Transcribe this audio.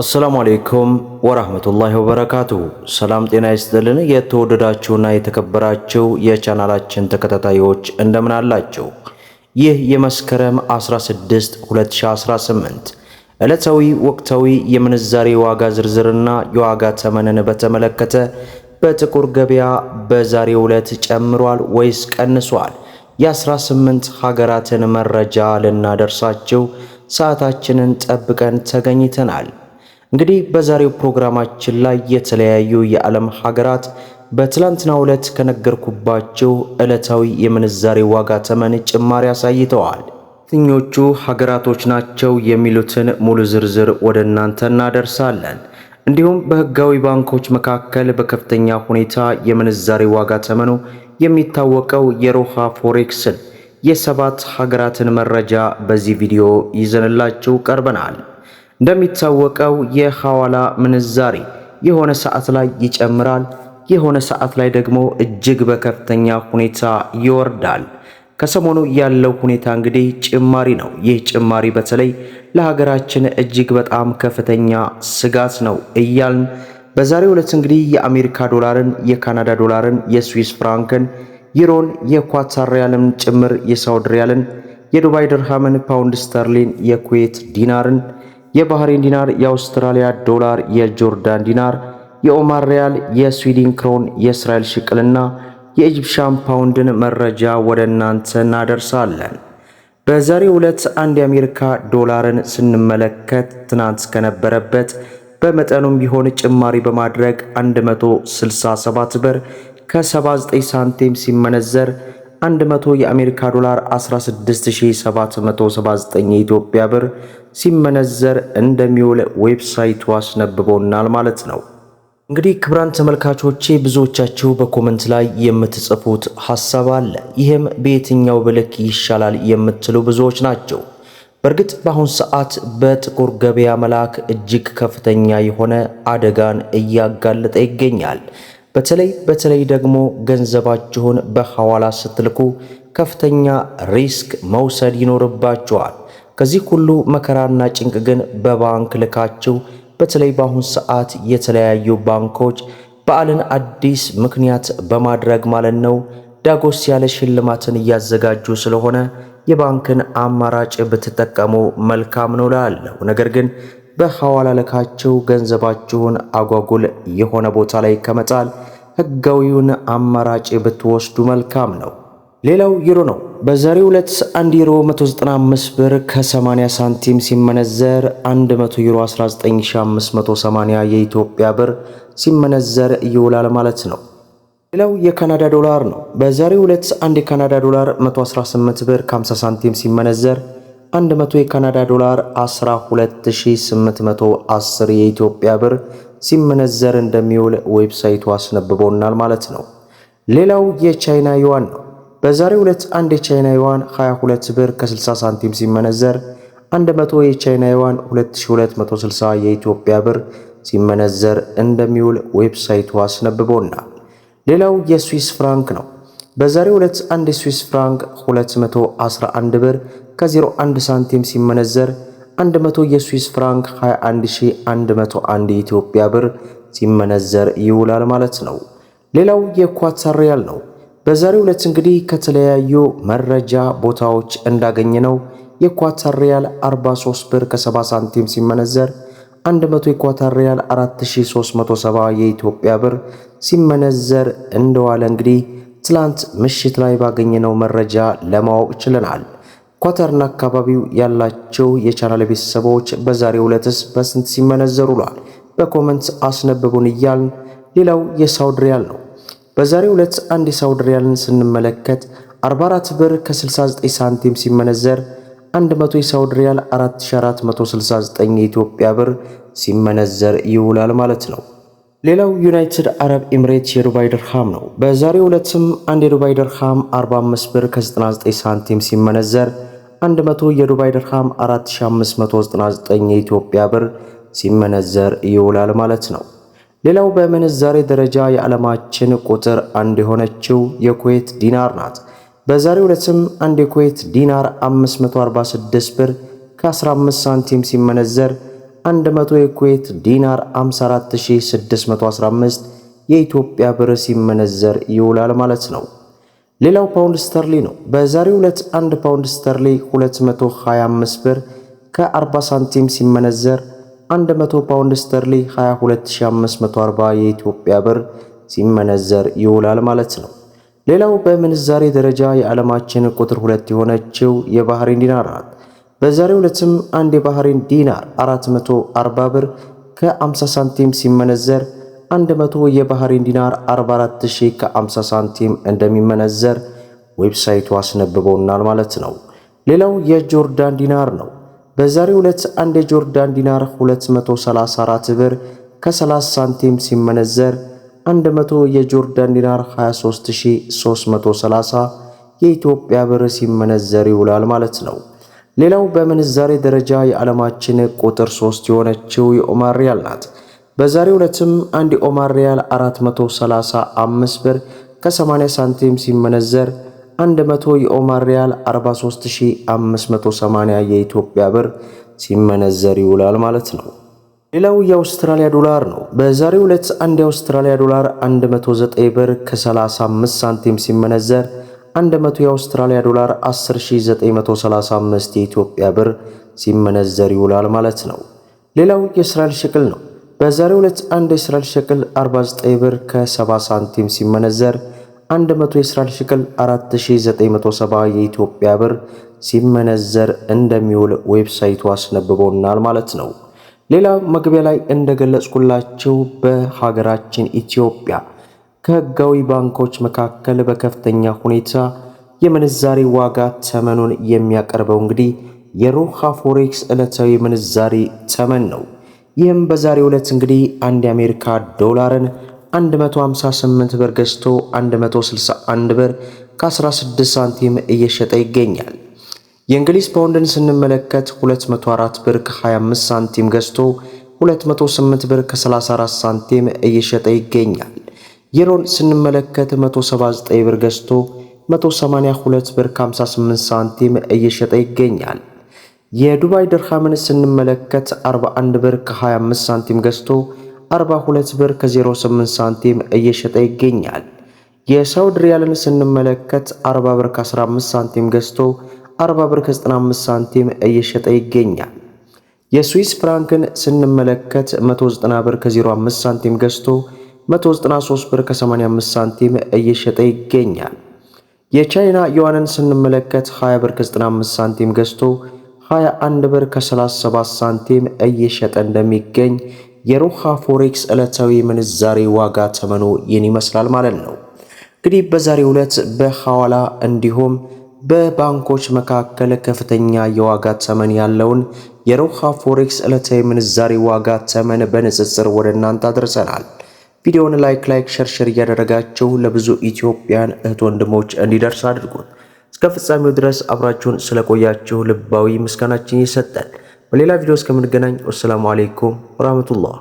አሰላሙ አሌይኩም ወራህመቱላሂ ወበረካቱሁ። ሰላም ጤና ይስጥልን። የተወደዳችሁና የተከበራችሁ የቻናላችን ተከታታዮች እንደምን አላችሁ? ይህ የመስከረም 16 2018 ዕለታዊ ወቅታዊ የምንዛሬ ዋጋ ዝርዝርና የዋጋ ተመንን በተመለከተ በጥቁር ገበያ በዛሬው ዕለት ጨምሯል ወይስ ቀንሷል? የ18 ሀገራትን መረጃ ልናደርሳችሁ ሰዓታችንን ጠብቀን ተገኝተናል። እንግዲህ በዛሬው ፕሮግራማችን ላይ የተለያዩ የዓለም ሀገራት በትላንትናው ዕለት ከነገርኩባቸው ዕለታዊ የምንዛሬ ዋጋ ተመን ጭማሪ አሳይተዋል። የትኞቹ ሀገራቶች ናቸው የሚሉትን ሙሉ ዝርዝር ወደ እናንተ እናደርሳለን። እንዲሁም በህጋዊ ባንኮች መካከል በከፍተኛ ሁኔታ የምንዛሬ ዋጋ ተመኑ የሚታወቀው የሮሃ ፎሬክስን የሰባት ሀገራትን መረጃ በዚህ ቪዲዮ ይዘንላችሁ ቀርበናል። እንደሚታወቀው የሐዋላ ምንዛሪ የሆነ ሰዓት ላይ ይጨምራል፣ የሆነ ሰዓት ላይ ደግሞ እጅግ በከፍተኛ ሁኔታ ይወርዳል። ከሰሞኑ ያለው ሁኔታ እንግዲህ ጭማሪ ነው። ይህ ጭማሪ በተለይ ለሀገራችን እጅግ በጣም ከፍተኛ ስጋት ነው እያልን በዛሬው ዕለት እንግዲህ የአሜሪካ ዶላርን፣ የካናዳ ዶላርን፣ የስዊስ ፍራንክን፣ ዩሮን፣ የኳታር ሪያልን ጭምር የሳውዲ ሪያልን፣ የዱባይ ድርሃምን፣ ፓውንድ ስተርሊን፣ የኩዌት ዲናርን የባህሬን ዲናር፣ የአውስትራሊያ ዶላር፣ የጆርዳን ዲናር፣ የኦማር ሪያል፣ የስዊድን ክሮን፣ የእስራኤል ሽቅልና የኢጅፕሻን ፓውንድን መረጃ ወደ እናንተ እናደርሳለን። በዛሬው ዕለት አንድ የአሜሪካ ዶላርን ስንመለከት ትናንት ከነበረበት በመጠኑም ቢሆን ጭማሪ በማድረግ 167 ብር ከ79 ሳንቲም ሲመነዘር 100 የአሜሪካ ዶላር 16779 የኢትዮጵያ ብር ሲመነዘር እንደሚውል ዌብሳይቱ አስነብቦናል ማለት ነው። እንግዲህ ክብራን ተመልካቾቼ ብዙዎቻችሁ በኮመንት ላይ የምትጽፉት ሐሳብ አለ። ይህም በየትኛው ብልክ ይሻላል የምትሉ ብዙዎች ናቸው። በእርግጥ በአሁን ሰዓት በጥቁር ገበያ መላክ እጅግ ከፍተኛ የሆነ አደጋን እያጋለጠ ይገኛል። በተለይ በተለይ ደግሞ ገንዘባችሁን በሐዋላ ስትልኩ ከፍተኛ ሪስክ መውሰድ ይኖርባችኋል። ከዚህ ሁሉ መከራና ጭንቅ ግን በባንክ ልካችሁ በተለይ በአሁን ሰዓት የተለያዩ ባንኮች በዓልን አዲስ ምክንያት በማድረግ ማለት ነው ዳጎስ ያለ ሽልማትን እያዘጋጁ ስለሆነ የባንክን አማራጭ ብትጠቀሙ መልካም ነው ላለው ነገር ግን በሐዋላ ልካችሁ ገንዘባችሁን አጓጉል የሆነ ቦታ ላይ ከመጣል ሕጋዊውን አማራጭ ብትወስዱ መልካም ነው። ሌላው ዩሮ ነው። በዛሬው ዕለት 1 ዩሮ 195 ብር ከ80 ሳንቲም ሲመነዘር 100 ዩሮ 19580 የኢትዮጵያ ብር ሲመነዘር ይውላል ማለት ነው። ሌላው የካናዳ ዶላር ነው። በዛሬው ዕለት 1 የካናዳ ዶላር 118 ብር ከ50 ሳንቲም ሲመነዘር 100 የካናዳ ዶላር 12810 የኢትዮጵያ ብር ሲመነዘር እንደሚውል ዌብሳይቱ አስነብቦናል ማለት ነው። ሌላው የቻይና ዩዋን ነው። በዛሬው ዕለት አንድ የቻይና ዩዋን 22 ብር ከ60 ሳንቲም ሲመነዘር 100 የቻይና ዩዋን 2260 የኢትዮጵያ ብር ሲመነዘር እንደሚውል ዌብሳይቱ አስነብቦናል። ሌላው የስዊስ ፍራንክ ነው። በዛሬው ዕለት አንድ የስዊስ ፍራንክ 211 ብር ከ01 ሳንቲም ሲመነዘር 100 የስዊስ ፍራንክ 21101 የኢትዮጵያ ብር ሲመነዘር ይውላል ማለት ነው። ሌላው የኳታር ሪያል ነው። በዛሬው ዕለት እንግዲህ ከተለያዩ መረጃ ቦታዎች እንዳገኘ ነው የኳታር ሪያል 43 ብር ከ70 ሳንቲም ሲመነዘር 100 የኳታር ሪያል 4370 የኢትዮጵያ ብር ሲመነዘር እንደዋለ እንግዲህ ትላንት ምሽት ላይ ባገኘነው መረጃ ለማወቅ ችለናል። ኮተርና አካባቢው ያላቸው የቻናል ቤተሰቦች በዛሬ ዕለትስ በስንት ሲመነዘሩ ውለዋል? በኮመንት አስነብቡን እያልን ሌላው የሳውድ ሪያል ነው። በዛሬ ዕለት አንድ የሳውድ ሪያልን ስንመለከት 44 ብር ከ69 ሳንቲም ሲመነዘር 100 የሳውድ ሪያል 4469 የኢትዮጵያ ብር ሲመነዘር ይውላል ማለት ነው። ሌላው ዩናይትድ አረብ ኤምሬት የዱባይ ድርሃም ነው። በዛሬ ዕለትም አንድ የዱባይ ድርሃም 45 ብር ከ99 ሳንቲም ሲመነዘር 100 የዱባይ ድርሃም 4599 የኢትዮጵያ ብር ሲመነዘር ይውላል ማለት ነው። ሌላው በምንዛሬ ደረጃ የዓለማችን ቁጥር አንድ የሆነችው የኩዌት ዲናር ናት። በዛሬው ዕለትም አንድ የኩዌት ዲናር 546 ብር ከ15 ሳንቲም ሲመነዘር 100 የኩዌት ዲናር 54615 የኢትዮጵያ ብር ሲመነዘር ይውላል ማለት ነው። ሌላው ፓውንድ ስተርሊ ነው። በዛሬው ዕለት 1 ፓውንድ ስተርሊ 225 ብር ከ40 ሳንቲም ሲመነዘር 100 ፓውንድ ስተርሊ 22540 የኢትዮጵያ ብር ሲመነዘር ይውላል ማለት ነው። ሌላው በምንዛሬ ደረጃ የዓለማችን ቁጥር ሁለት የሆነችው የባህሬን ዲናር ናት። በዛሬው ዕለትም አንድ የባህሬን ዲናር 440 ብር ከ50 ሳንቲም ሲመነዘር 100 የባህሪን ዲናር 44000 ከ50 ሳንቲም እንደሚመነዘር ዌብሳይቱ አስነብበውናል ማለት ነው። ሌላው የጆርዳን ዲናር ነው። በዛሬው ዕለት አንድ የጆርዳን ዲናር 234 ብር ከ30 ሳንቲም ሲመነዘር 100 የጆርዳን ዲናር 23330 የኢትዮጵያ ብር ሲመነዘር ይውላል ማለት ነው። ሌላው በምንዛሬ ደረጃ የዓለማችን ቁጥር 3 የሆነችው የኦማር ሪያል ናት። በዛሬው ዕለትም አንድ ኦማር ሪያል 435 ብር ከ80 ሳንቲም ሲመነዘር 100 የኦማር ሪያል 43580 የኢትዮጵያ ብር ሲመነዘር ይውላል ማለት ነው። ሌላው የአውስትራሊያ ዶላር ነው። በዛሬው ዕለት አንድ የአውስትራሊያ ዶላር 109 ብር ከ35 ሳንቲም ሲመነዘር 100 የአውስትራሊያ ዶላር 10935 የኢትዮጵያ ብር ሲመነዘር ይውላል ማለት ነው። ሌላው የእስራኤል ሽቅል ነው። በዛሬው ዕለት አንድ የእስራኤል ሸቅል 49 ብር ከ70 ሳንቲም ሲመነዘር 100 የእስራኤል ሸቅል 4970 የኢትዮጵያ ብር ሲመነዘር እንደሚውል ዌብሳይቱ አስነብቦናል ማለት ነው። ሌላ መግቢያ ላይ እንደገለጽኩላችሁ በሀገራችን ኢትዮጵያ ከህጋዊ ባንኮች መካከል በከፍተኛ ሁኔታ የምንዛሪ ዋጋ ተመኑን የሚያቀርበው እንግዲህ የሮሃ ፎሬክስ ዕለታዊ ምንዛሪ ተመን ነው። ይህም በዛሬ ዕለት እንግዲህ አንድ የአሜሪካ ዶላርን 158 ብር ገዝቶ 161 ብር ከ16 ሳንቲም እየሸጠ ይገኛል። የእንግሊዝ ፓውንድን ስንመለከት 204 ብር ከ25 ሳንቲም ገዝቶ 208 ብር ከ34 ሳንቲም እየሸጠ ይገኛል። ዩሮን ስንመለከት 179 ብር ገዝቶ 182 ብር ከ58 ሳንቲም እየሸጠ ይገኛል። የዱባይ ድርሃምን ስንመለከት 41 ብር ከ25 ሳንቲም ገዝቶ 42 ብር ከ08 ሳንቲም እየሸጠ ይገኛል። የሳውዲ ሪያልን ስንመለከት 40 ብር ከ15 ሳንቲም ገዝቶ 40 ብር ከ95 ሳንቲም እየሸጠ ይገኛል። የስዊስ ፍራንክን ስንመለከት 190 ብር ከ05 ሳንቲም ገዝቶ 193 ብር ከ85 ሳንቲም እየሸጠ ይገኛል። የቻይና ዩዋንን ስንመለከት 20 ብር ከ95 ሳንቲም ገዝቶ 21 ብር ከ37 ሳንቲም እየሸጠ እንደሚገኝ የሮሃ ፎሬክስ ዕለታዊ ምንዛሬ ዋጋ ተመኑ ይህን ይመስላል ማለት ነው። እንግዲህ በዛሬው ዕለት በሐዋላ እንዲሁም በባንኮች መካከል ከፍተኛ የዋጋ ተመን ያለውን የሮሃ ፎሬክስ ዕለታዊ ምንዛሬ ዋጋ ተመን በንጽጽር ወደ እናንተ አድርሰናል። ቪዲዮውን ላይክ ላይክ ሸርሸር እያደረጋቸው ለብዙ ኢትዮጵያን እህት ወንድሞች እንዲደርስ አድርጉት። እስከ ፍጻሜው ድረስ አብራችሁን ስለቆያችሁ ልባዊ ምስጋናችን ይሰጣል። በሌላ ቪዲዮ እስከምንገናኝ ወሰላሙ አሌይኩም ወራህመቱላህ።